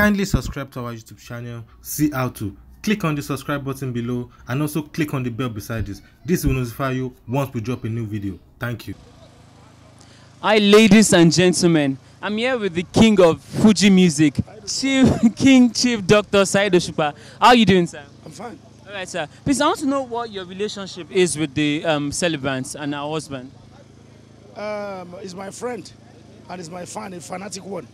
Kindly subscribe to our YouTube channel, see how to. Click on the subscribe button below and also click on the bell beside this. This will notify you once we drop a new video. Thank you. Hi ladies and gentlemen, I'm here with the king of Fuji music, Chief King Chief Dr. Saido Shupa. How are you doing sir? I'm fine. All right sir, please I want to know what your relationship is with the um, celebrants and our husband. Um, he's my friend and he's my fan, a fanatic one.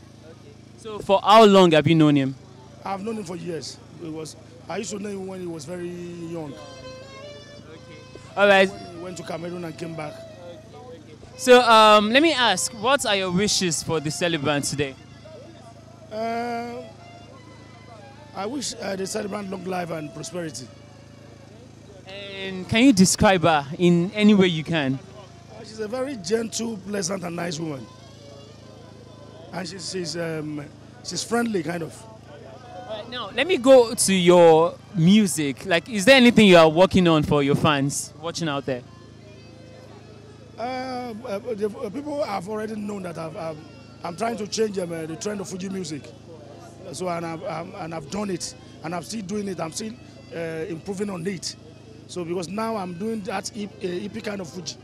So for how long have you known him? I've known him for years. It was I used to know him when he was very young. Okay. All right. When he went to Cameroon and came back. So um, let me ask, what are your wishes for the celebrant today? Uh, I wish uh, the celebrant long life and prosperity. And can you describe her in any way you can? Uh, she's a very gentle, pleasant, and nice woman and she's, she's, um, she's friendly, kind of. now, let me go to your music. Like, is there anything you are working on for your fans watching out there? Um, uh, the uh, people have already known that i am um, trying to change um, uh, the trend of Fuji music. So, and I've, I'm, um, and I've done it, and I'm still doing it. I'm still uh, improving on it. So, because now I'm doing that EP, uh, EP kind of Fuji.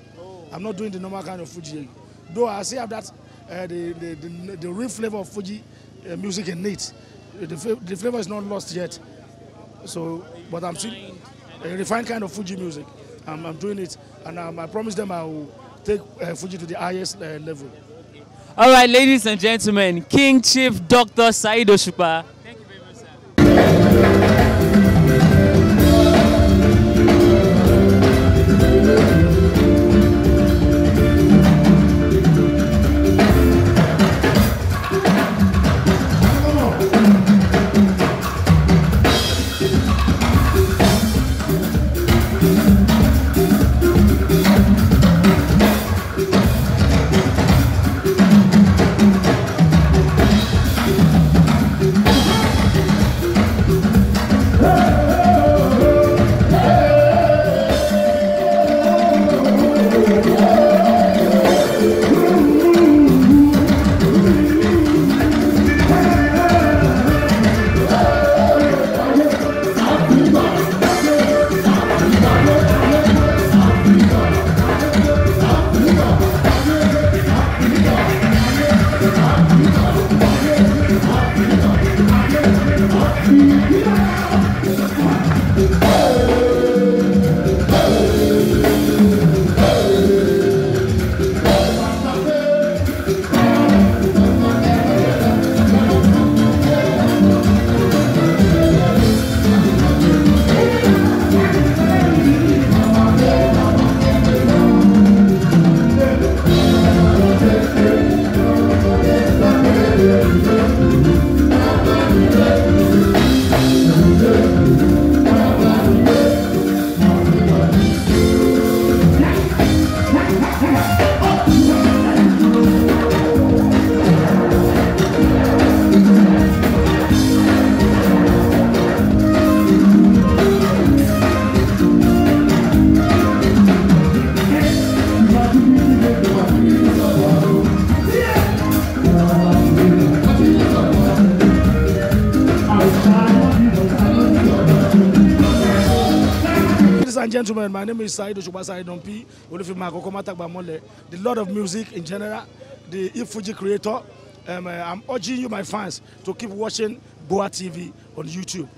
I'm not doing the normal kind of Fuji. Though I still have that uh, the, the, the, the real flavor of Fuji uh, music in it. The, the flavor is not lost yet. So, but I'm still a refined kind of Fuji music. I'm, I'm doing it, and um, I promise them I will take uh, Fuji to the highest uh, level. All right, ladies and gentlemen, King Chief Dr. Said Oshupa Thank you. gentlemen, my name is Said Oshuba Said Dompi, Olufima Kokomatagba the Lord of Music in general, the Ifuji creator. Um, uh, I'm urging you, my fans, to keep watching Boa TV on YouTube.